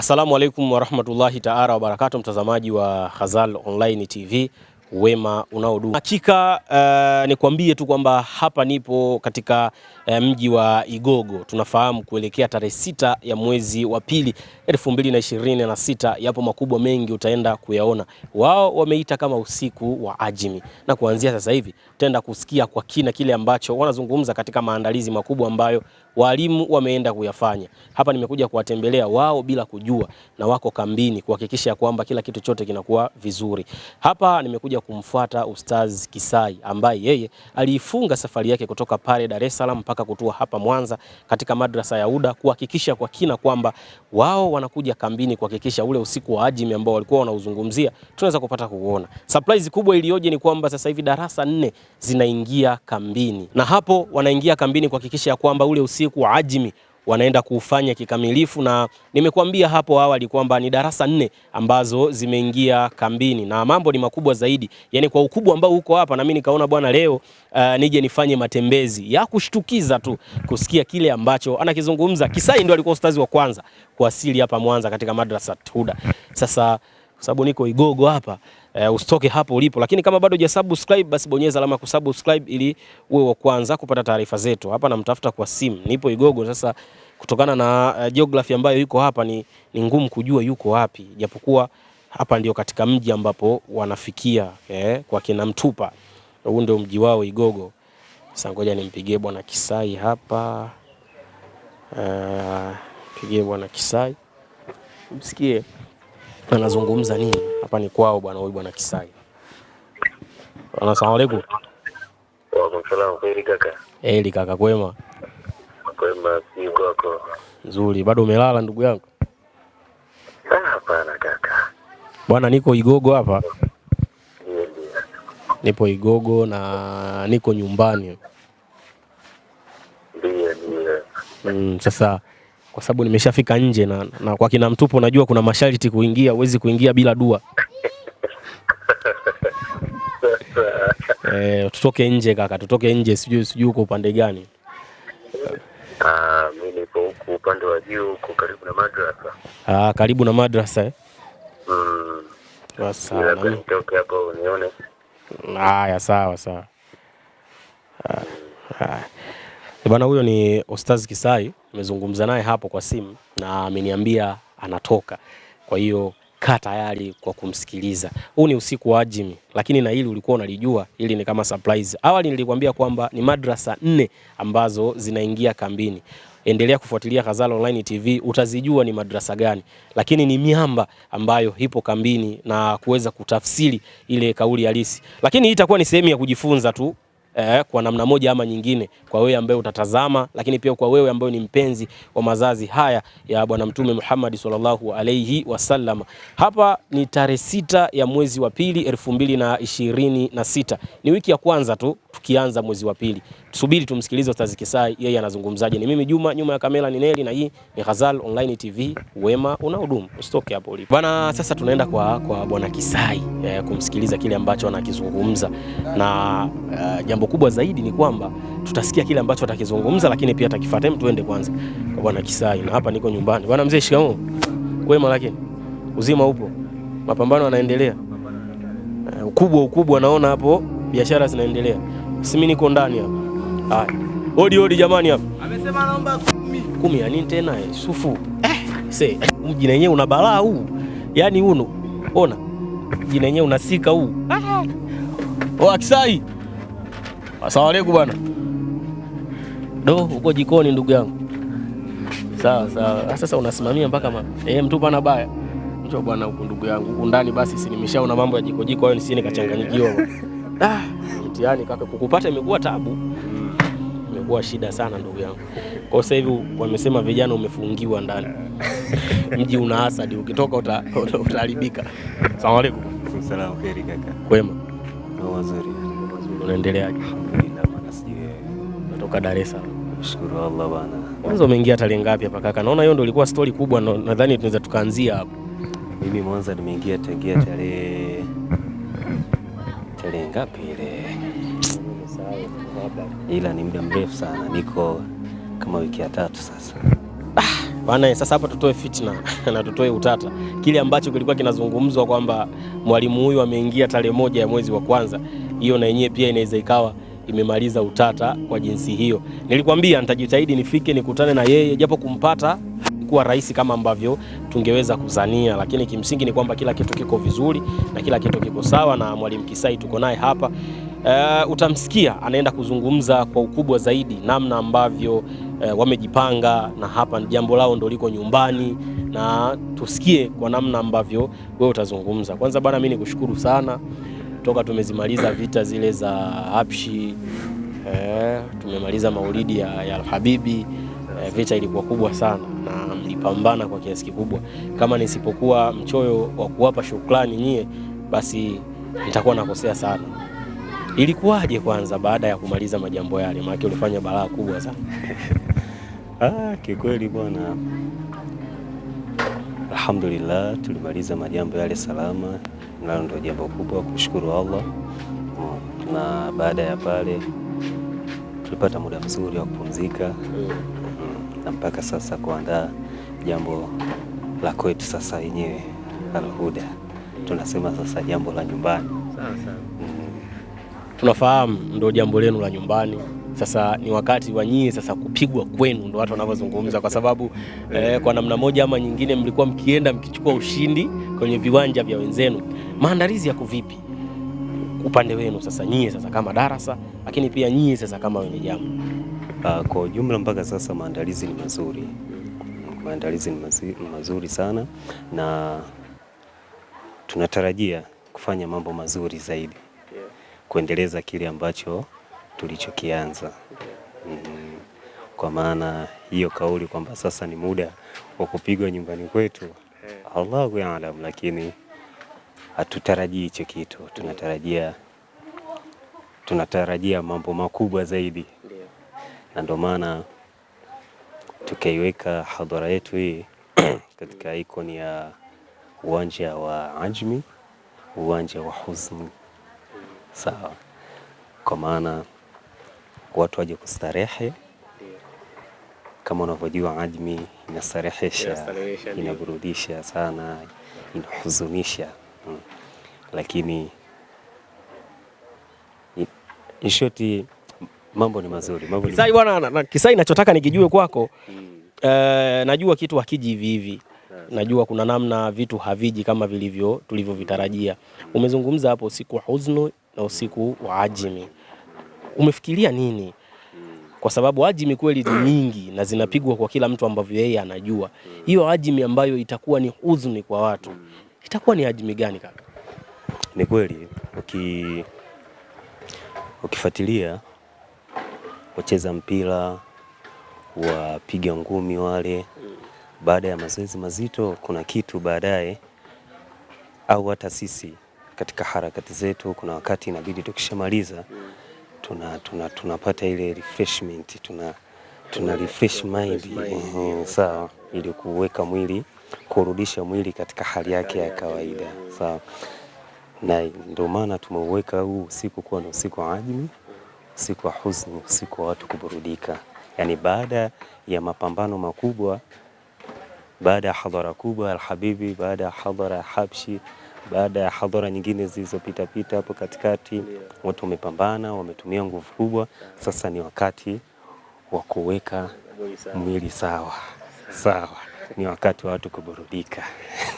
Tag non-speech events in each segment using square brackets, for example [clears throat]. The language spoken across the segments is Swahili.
Asalamu alaikum warahmatullahi taala wabarakatu, mtazamaji wa Ghazal Online TV, wema unaodumu. Hakika uh, eh, nikwambie tu kwamba hapa nipo katika uh, mji wa Igogo. Tunafahamu kuelekea tarehe sita ya mwezi wa pili sita yapo makubwa mengi utaenda kuyaona. Wao wameita kama usiku wa ajimi, na kuanzia sasa hivi utaenda kusikia kwa kina kile ambacho wanazungumza katika maandalizi makubwa ambayo walimu wameenda kuyafanya. Hapa nimekuja kuwatembelea wao bila kujua, na wako kambini kuhakikisha kwamba kila kitu chote kinakuwa vizuri. Hapa nimekuja kumfuata Ustaz Kisai ambaye yeye aliifunga safari yake kutoka pale Dar es Salaam mpaka kutua hapa Mwanza katika madrasa ya UDA kuhakikisha kwa kina kwamba wao wanakuja kambini kuhakikisha ule usiku wa ajimi ambao walikuwa wanauzungumzia tunaweza kupata kuona. Surprise kubwa iliyoje ni kwamba sasa hivi darasa nne zinaingia kambini na hapo wanaingia kambini kuhakikisha kwamba ule usiku siku ajmi wanaenda kuufanya kikamilifu, na nimekuambia hapo awali kwamba ni darasa nne ambazo zimeingia kambini na mambo ni makubwa zaidi, yani kwa ukubwa ambao uko hapa, na mimi nikaona bwana, leo uh, nije nifanye matembezi ya kushtukiza tu kusikia kile ambacho anakizungumza Kisai. Ndio alikuwa ustazi wa kwanza kuasili hapa Mwanza katika madrasa Tuda. Sasa kwa sababu niko Igogo hapa e, usitoke hapo ulipo, lakini kama bado hujasubscribe basi bonyeza alama ya kusubscribe ili uwe wa kwanza kupata taarifa zetu. Hapa namtafuta kwa simu, nipo Igogo. Sasa kutokana na uh, geography ambayo yuko hapa ni, ni ngumu kujua yuko wapi, japokuwa hapa ndio katika mji ambapo wanafikia eh, kwa kina Mtupa. Huu ndio mji wao Igogo. Sasa ngoja nimpigie bwana Kisai hapa uh, eh, pigie bwana Kisai msikie anazungumza nini? Hapa ni kwao bwana, huyu bwana Kisai. Assalamu alaykum. Wa salaam. Kweli kaka? Eli kaka, kwema? Kwema, si kwako? Nzuri. Bado umelala ndugu yangu? Ah, hapana kaka. Bwana, niko Igogo hapa, nipo Igogo na niko nyumbani. Ndio, ndio. Mm, sasa kwa sababu nimeshafika nje na, na kwa kina Mtupu unajua kuna masharti kuingia, huwezi kuingia bila dua [laughs] eh, tutoke nje kaka, tutoke nje, sijui sijui uko upande gani? Ah, mimi niko huku upande wa juu huko karibu na madrasa. Ah, karibu na madrasa eh? Mm. Ah, nitoke hapo unione. Haya, sawa sawa. ah. ah. Eh, bwana huyo ni Ostaz Kisai, nimezungumza naye hapo kwa simu na ameniambia anatoka, kwa hiyo kaa tayari kwa kumsikiliza. Huu ni usiku wa Ajimi, lakini na hili ulikuwa unalijua, hili ni kama surprise. Awali nilikwambia kwamba ni madrasa nne ambazo zinaingia kambini. Endelea kufuatilia Ghazal Online TV utazijua ni madrasa gani, lakini ni miamba ambayo ipo kambini na kuweza kutafsiri ile kauli halisi, lakini hii itakuwa ni sehemu ya kujifunza tu eh, kwa namna moja ama nyingine, kwa wewe ambaye utatazama, lakini pia kwa wewe ambaye ni mpenzi wa mazazi haya ya Bwana Mtume Muhammad sallallahu alaihi wasallam. Hapa ni tarehe sita ya mwezi wa pili elfu na ni wiki ya kwanza tu tukianza mwezi wa pili. Subiri tumsikilize Ustaz Kisai yeye anazungumzaje. Ni mimi Juma, nyuma ya kamera ni Neli na hii ni Ghazal Online TV. Wema unahudumu. Usitoke hapo ulipo. Bwana, sasa tunaenda kwa kwa Bwana Kisai eh, kumsikiliza kile ambacho anakizungumza na eh, jambo kubwa zaidi ni kwamba tutasikia kile ambacho atakizungumza, lakini pia atakifuata. Tuende kwanza kwa Bwana Kisai na hapa niko nyumbani. Bwana mzee, shikamoo. Wema lakini uzima upo, mapambano yanaendelea. Eh, ukubwa ukubwa naona hapo biashara zinaendelea mimi niko ndani hapa. Haya. Odi odi jamani hapa. Amesema anaomba 10. 10 ya nini tena eh? Sufu. Eh, se mjini wenyewe una balaa huu. Yaani uno. Ona. Mjini wenyewe unasika huu. Ah. Oh, Akisai. Asalamu alaykum bwana. Do, uko jikoni ndugu yangu. Sawa sawa. Ah, sasa unasimamia mpaka ma... eh, mtu na baya. Mcho bwana huko ndugu yangu. Huko ndani basi si nimeshaona mambo ya jiko jiko hayo nisije nikachanganyikiwa. Ah mtihani kaka, kukupata imekuwa tabu, imekuwa shida sana ndugu yangu. Kwa sasa hivi wamesema vijana umefungiwa ndani [laughs] mji una hasadi, ukitoka utaharibika. uta, uta Asalamu alaykum. Salamu kheri kaka. Kwema? Wazuri. Unaendeleaje? Natoka Dar es Salaam. Shukuru Allah bana. Mwanzo umeingia tarehe ngapi hapa kaka? Naona hiyo ndio ilikuwa story kubwa, nadhani tunaweza tukaanzia hapo. Mimi Mwanza nimeingia tangia tarehe tarehe ngapi ile ila ni muda mrefu sana, niko kama wiki ya tatu sasa. Ah, Bana, sasa hapa tutoe fitna [laughs] na tutoe utata. Kile ambacho kilikuwa kinazungumzwa kwamba mwalimu huyu ameingia tarehe moja ya mwezi wa kwanza, hiyo na yenyewe pia inaweza ikawa imemaliza utata kwa jinsi hiyo. Nilikwambia nitajitahidi nifike nikutane na yeye, japo kumpata kuwa rahisi kama ambavyo tungeweza kuzania, lakini kimsingi ni kwamba kila kitu kiko vizuri na kila kitu kiko sawa, na mwalimu Kisai tuko naye hapa uh, utamsikia anaenda kuzungumza kwa ukubwa zaidi namna ambavyo uh, wamejipanga na hapa jambo lao ndo liko nyumbani, na tusikie kwa namna ambavyo wewe utazungumza. Kwanza bwana, mimi nikushukuru sana toka tumezimaliza vita zile za Habshi eh, tumemaliza maulidi ya, ya Alhabibi eh, vita ilikuwa kubwa sana na mlipambana kwa kiasi kikubwa. Kama nisipokuwa mchoyo wa kuwapa shukrani nyie, basi nitakuwa nakosea sana. Ilikuwaje kwanza baada ya kumaliza majambo yale? Maana ulifanya balaa kubwa sana. [laughs] Ah, kikweli bwana, alhamdulillah tulimaliza majambo yale salama, nalo ndio jambo kubwa, kushukuru Allah. Na baada ya pale tulipata muda mzuri wa kupumzika hmm. na mpaka sasa kuandaa jambo la kwetu sasa yenyewe Alhuda, tunasema sasa jambo la nyumbani. Sawa sawa tunafahamu ndo jambo lenu la nyumbani. Sasa ni wakati wa nyie sasa kupigwa kwenu, ndo watu wanavyozungumza, kwa sababu eh, eh, kwa namna moja ama nyingine mlikuwa mkienda mkichukua ushindi kwenye viwanja vya wenzenu. Maandalizi yako vipi upande wenu sasa, nyie sasa kama darasa, lakini pia nyie sasa kama wenye jambo? Uh, kwa ujumla mpaka sasa maandalizi ni mazuri, maandalizi ni mazuri, mazuri sana na tunatarajia kufanya mambo mazuri zaidi kuendeleza kile ambacho tulichokianza. Mm, kwa maana hiyo kauli kwamba sasa ni muda wa kupigwa nyumbani kwetu, Allahu yaalam, lakini hatutarajii hicho kitu, tunatarajia tunatarajia mambo makubwa zaidi, na ndio maana tukaiweka hadhara yetu hii [clears throat] katika ikoni ya uwanja wa Ajmi, uwanja wa husni sawa, kwa maana watu waje kustarehe kama unavyojua ajmi inastarehesha, inaburudisha sana, inahuzunisha hmm. Lakini in short mambo ni mazuri, mambo Kisai bwana na, Kisai nikijue kwako mm. najua kitu hakiji hivi hivi ah. najua kuna namna vitu haviji kama vilivyo tulivyovitarajia. Hmm. Umezungumza hapo siku huzuni la usiku wa ajimi umefikiria nini? Kwa sababu ajimi kweli ni nyingi na zinapigwa kwa kila mtu ambavyo yeye anajua. Hiyo ajimi ambayo itakuwa ni huzuni kwa watu itakuwa ni ajimi gani kaka? Ni kweli uki ukifuatilia wacheza mpira wapiga ngumi wale, baada ya mazoezi mazito kuna kitu baadaye, au hata sisi katika harakati zetu. Kuna wakati inabidi tukishamaliza tunapata tuna, tunapata ile refreshment tuna, tuna refresh mind mhm, sawa, ili kuweka mwili kurudisha mwili katika hali yake ya kawaida sawa, na ndio maana tumeuweka huu usiku kuwa ni usiku wa ajmi, usiku wa huzuni, usiku wa watu kuburudika, yaani baada ya mapambano makubwa, baada ya hadhara kubwa Alhabibi, baada ya hadhara ya Habshi baada ya hadhara nyingine zilizopitapita hapo katikati, watu wamepambana, wametumia nguvu kubwa. Sasa ni wakati wa kuweka mwili sawa sawa, ni wakati wa watu kuburudika.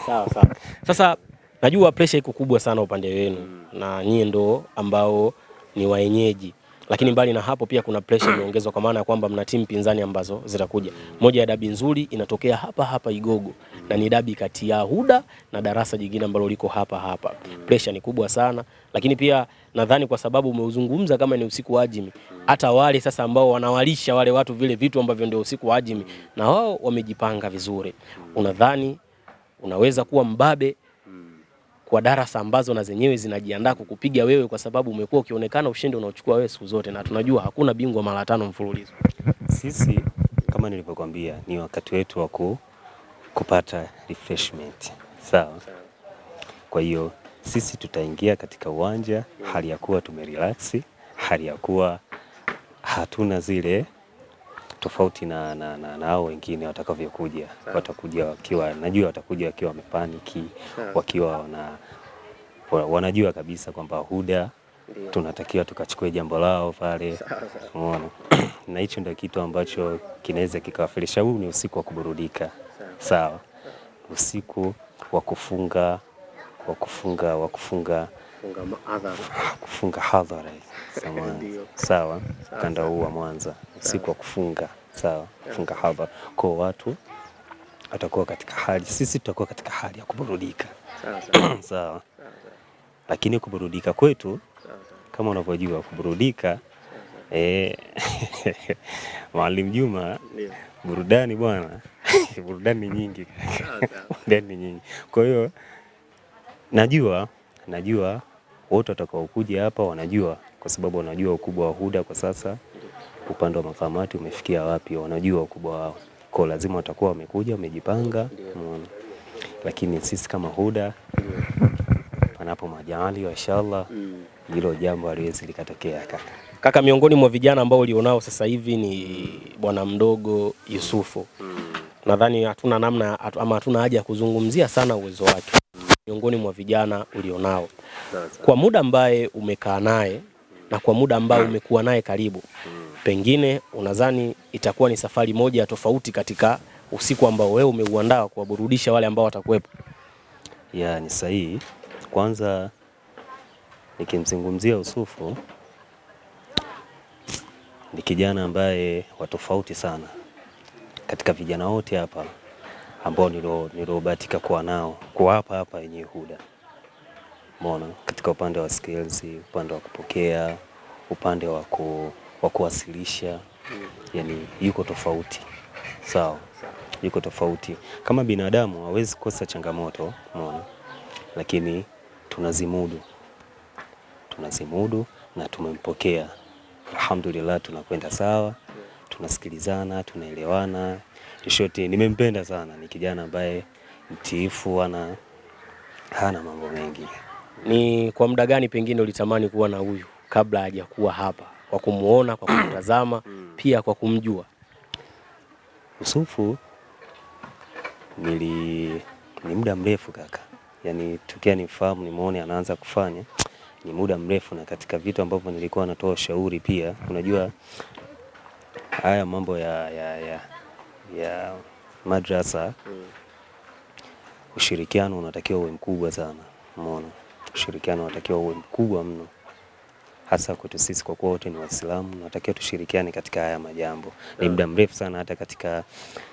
Sawa sawa. Sasa najua presha iko kubwa sana upande wenu, mm. na nyie ndo ambao ni wenyeji lakini mbali na hapo pia kuna pressure imeongezwa kwa maana ya kwamba mna timu pinzani ambazo zitakuja. Moja ya dabi nzuri inatokea hapa hapa Igogo na ni dabi kati ya Huda na darasa jingine ambalo liko hapa hapa. Pressure ni kubwa sana, lakini pia nadhani kwa sababu umeuzungumza kama ni usiku wa ajimi, hata wale sasa ambao wanawalisha wale watu vile vitu ambavyo ndio usiku wa ajimi, na wao wamejipanga vizuri. Unadhani unaweza kuwa mbabe kwa darasa ambazo na zenyewe zinajiandaa kukupiga wewe, kwa sababu umekuwa ukionekana ushindi unaochukua wewe siku zote, na tunajua hakuna bingwa mara tano mfululizo. Sisi kama nilivyokuambia, ni wakati wetu wa kupata refreshment, sawa. Kwa hiyo sisi tutaingia katika uwanja hali ya kuwa tumerelax, hali ya kuwa hatuna zile tofauti na, na, na, na hao wengine watakavyokuja. Watakuja wakiwa najua, watakuja wakiwa wamepaniki, wakiwa wana, wanajua kabisa kwamba Huda tunatakiwa tukachukue jambo lao pale, umeona [clears throat] na hicho ndio kitu ambacho kinaweza kikawafirisha. Huu ni usiku wa kuburudika, sawa, usiku wa kufunga wa kufunga wa kufunga kufunga hadhara sawa, ukanda [laughs] huu wa Mwanza si kwa kufunga sawa, kufunga hadhara kwa watu atakuwa katika hali, sisi tutakuwa katika hali ya kuburudika sawa, [clears throat] lakini kuburudika kwetu kama unavyojua kuburudika e, [laughs] Mwalimu Juma burudani bwana [laughs] burudani nyingi burudani nyingi, kwa hiyo najua najua wote watakaokuja hapa wanajua, kwa sababu wanajua ukubwa wa HUDA kwa sasa, upande wa makamati umefikia wapi, wanajua ukubwa wao, kwa lazima watakuwa wamekuja wamejipanga, lakini sisi kama HUDA panapo majali inshallah mm. Hilo jambo haliwezi likatokea kaka. Kaka, miongoni mwa vijana ambao ulionao sasa hivi ni bwana mdogo Yusufu mm. Nadhani hatuna namna ama hatuna haja ya kuzungumzia sana uwezo wake miongoni mwa vijana ulionao kwa muda ambaye umekaa naye na kwa muda ambao umekuwa naye karibu, hmm. pengine unadhani itakuwa ni safari moja tofauti katika usiku ambao wewe umeuandaa kuwaburudisha wale ambao watakuwepo? Ya, ni sahihi. Kwanza nikimzungumzia Yusufu ni kijana ambaye wa tofauti sana katika vijana wote hapa ambao niliobahatika kuwa nao kwa hapa hapa yenye Huda. Umeona, katika upande wa skills, upande wa kupokea, upande wa ku, wa kuwasilisha, yani yuko tofauti sawa, yuko tofauti. Kama binadamu hawezi kosa changamoto, umeona, lakini tunazimudu, tunazimudu na tumempokea, alhamdulillah, tunakwenda sawa, tunasikilizana, tunaelewana shoti nimempenda sana, ni kijana ambaye mtiifu, ana hana mambo mengi. Ni kwa muda gani pengine ulitamani kuwa na huyu kabla hajakuwa hapa, kwa kumuona, kwa kumtazama pia kwa kumjua? Yusufu nili ni muda mrefu kaka, yaani tukia nifahamu nimuone anaanza kufanya ni muda mrefu, na katika vitu ambavyo nilikuwa natoa ushauri pia, unajua haya mambo ya, ya, ya ya madrasa mm. Ushirikiano unatakiwa uwe mkubwa sana, umeona, ushirikiano unatakiwa uwe mkubwa mno, hasa kwetu sisi kwa kuwa wote ni Waislamu, natakiwa tushirikiane katika haya majambo yeah. Ni muda mrefu sana, hata katika,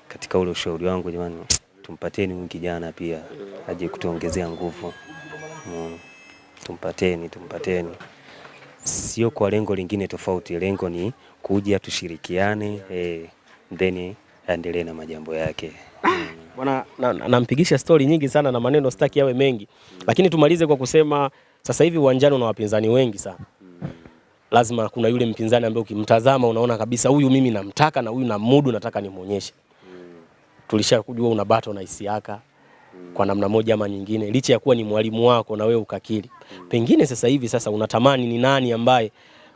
katika ule ushauri wangu, jamani, tumpateni huyu kijana pia aje kutuongezea nguvu mm. Tumpateni, tumpateni sio kwa lengo lingine tofauti, lengo ni kuja tushirikiane, yeah. eh, then aendelee na majambo yake [coughs] bwana. Nampigisha na, na stori nyingi sana na maneno sitaki yawe mengi mm. Lakini tumalize kwa kusema sasa hivi uwanjani una wapinzani wengi sana mm. Lazima kuna yule mpinzani ambaye ukimtazama unaona kabisa huyu mimi namtaka na huyu namudu, nataka nimuonyeshe mm. Tulisha kujua una bato na Isiaka mm. Kwa namna moja ama nyingine, licha ya kuwa ni mwalimu wako na wewe ukakili mm. Pengine sasa hivi sasa unatamani ni nani ambaye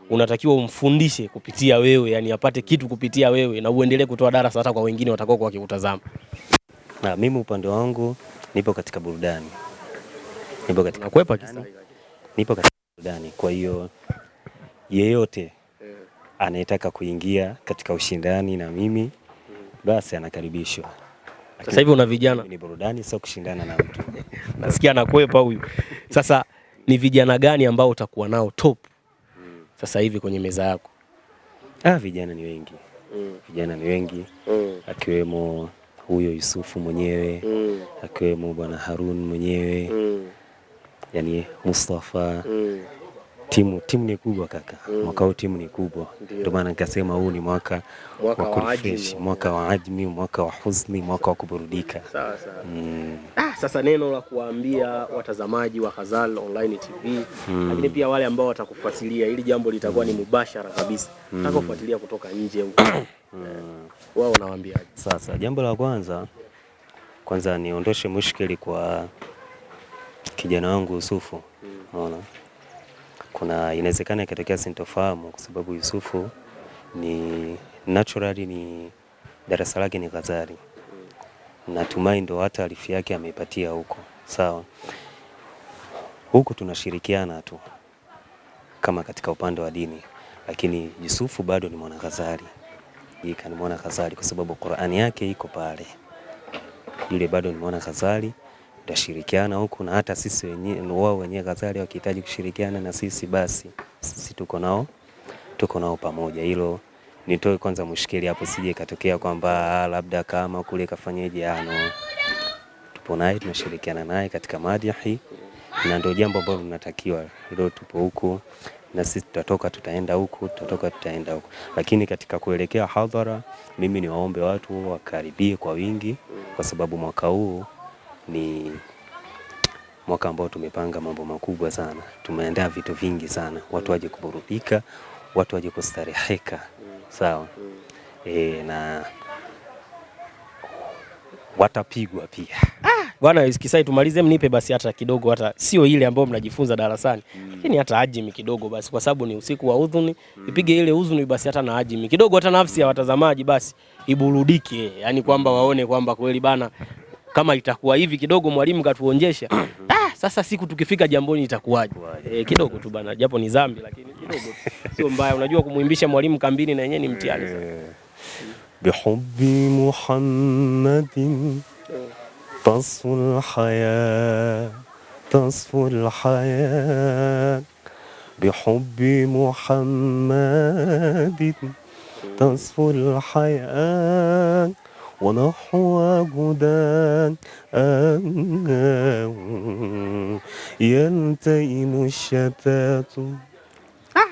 unatakiwa umfundishe kupitia wewe, yani apate kitu kupitia wewe, na uendelee kutoa darasa hata kwa wengine watakao kwa kikutazama. Na mimi upande wangu nipo katika burudani, nipo katika kwepa kisa, nipo katika burudani. Kwa hiyo yeyote anayetaka kuingia katika ushindani na mimi basi anakaribishwa. Sasa hivi una vijana, ni burudani, sio kushindana na mtu. [laughs] Nasikia anakwepa huyu. Sasa ni vijana gani ambao utakuwa nao top sasa hivi kwenye meza yako? Ah, vijana ni wengi mm. vijana ni wengi mm. akiwemo huyo Yusufu mwenyewe mm. akiwemo bwana Harun mwenyewe mm. yani Mustafa mm. Timu timu ni kubwa kaka, mm. Mwaka huu timu ni kubwa, ndio maana nikasema huu ni mwaka mwaka wa kurefresh, mwaka wa ajmi, mwaka wa husni, mwaka wa kuburudika. Sawa sawa. Mm. Ah, sasa neno la kuwaambia watazamaji wa Khazal Online TV mm. lakini pia wale ambao watakufuatilia, ili jambo litakuwa ni mm. mubashara kabisa mm. takufuatilia kutoka nje huko mm. wao unawaambiaje? Sasa jambo la kwanza kwanza niondoshe mushkili kwa kijana wangu Yusufu, mm. unaona mm kuna inawezekana ikatokea sintofahamu, kwa sababu Yusufu ni naturally ni darasa lake ni Ghazali, natumai ndo hata arifi yake ameipatia huko. Sawa, huku tunashirikiana tu kama katika upande wa dini, lakini Yusufu bado ni mwana Ghazali, ikanimwona Ghazali kwa sababu Qur'ani yake iko pale, yule bado ni mwana Ghazali tutashirikiana huku na hata sisi wenyewe, wao wenyewe kadhalika wakihitaji kushirikiana na sisi, basi sisi tuko nao, tuko nao pamoja. Hilo nitoe kwanza, mshikili hapo, sije katokea kwamba ah, labda kama kule kafanyaje. Ano, ah, tupo naye, tunashirikiana naye katika madihi, na ndio jambo ambalo tunatakiwa leo. Tupo huku na sisi tutatoka, tutaenda huku, tutatoka, tutaenda huku. Lakini katika kuelekea hadhara, mimi niwaombe watu wakaribie kwa wingi, kwa sababu mwaka huu ni mwaka ambao tumepanga mambo makubwa sana, tumeandaa vitu vingi sana, watu waje kuburudika, watu waje kustareheka, sawa e, na watapigwa pia ah! bwana Kisai, tumalize, mnipe basi hata kidogo, hata sio ile ambayo mnajifunza darasani mm, lakini hata ajimi kidogo basi, kwa sababu ni usiku wa udhuni mm, ipige ile udhuni basi, hata na ajimi kidogo, hata nafsi ya watazamaji basi iburudike, yani kwamba waone kwamba kweli bana kama itakuwa hivi kidogo, mwalimu katuonyesha [coughs] ah, sasa siku tukifika jamboni itakuwaje? Eh, kidogo tu bana, japo ni dhambi lakini kidogo [laughs] sio mbaya. Unajua kumwimbisha mwalimu kambini na yenyewe ni mtihani sana. Eh. Bihubbi Muhammadin eh. tasful haya tasful haya bihubbi Muhammadin tasful haya جدان أنه shatatu الشتات ah!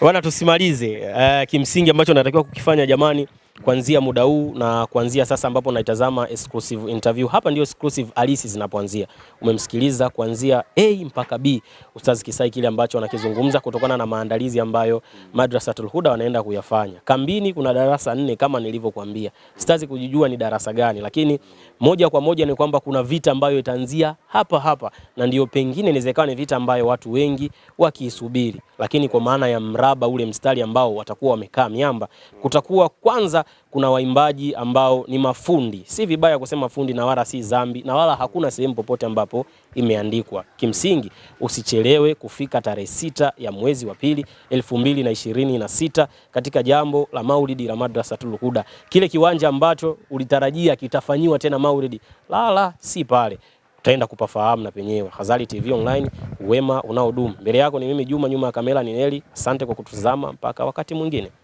Wana tusimalize uh, kimsingi ambacho natakiwa kukifanya jamani kuanzia muda huu na kuanzia sasa ambapo naitazama exclusive interview. Hapa ndio exclusive halisi zinapoanzia. Umemsikiliza kuanzia A mpaka B Ustaz Kisai, kile ambacho anakizungumza kutokana na maandalizi ambayo Madrasatul Huda wanaenda kuyafanya. Kambini kuna darasa nne kama nilivyokuambia, sitazi kujijua ni darasa gani, lakini moja kwa moja ni kwamba kuna vita ambayo itaanzia hapa hapa, na ndio pengine inawezekana ni vita ambayo watu wengi wakiisubiri, lakini kwa maana ya mraba ule, mstari ambao watakuwa wamekaa miamba, kutakuwa kwanza kuna waimbaji ambao ni mafundi. Si vibaya kusema fundi na wala si dhambi na wala hakuna sehemu popote ambapo imeandikwa. Kimsingi usichelewe kufika tarehe sita ya mwezi wa pili elfu mbili na ishirini na sita katika jambo la Maulidi la Madrasatul Huda. Kile kiwanja ambacho ulitarajia kitafanyiwa tena Maulidi, la, si pale. Utaenda kupafahamu na penyewe. Ghazali TV Online, wema unaodumu. Mbele yako ni mimi Juma, nyuma ya kamera ni Neli. Asante kwa kutuzama mpaka wakati mwingine.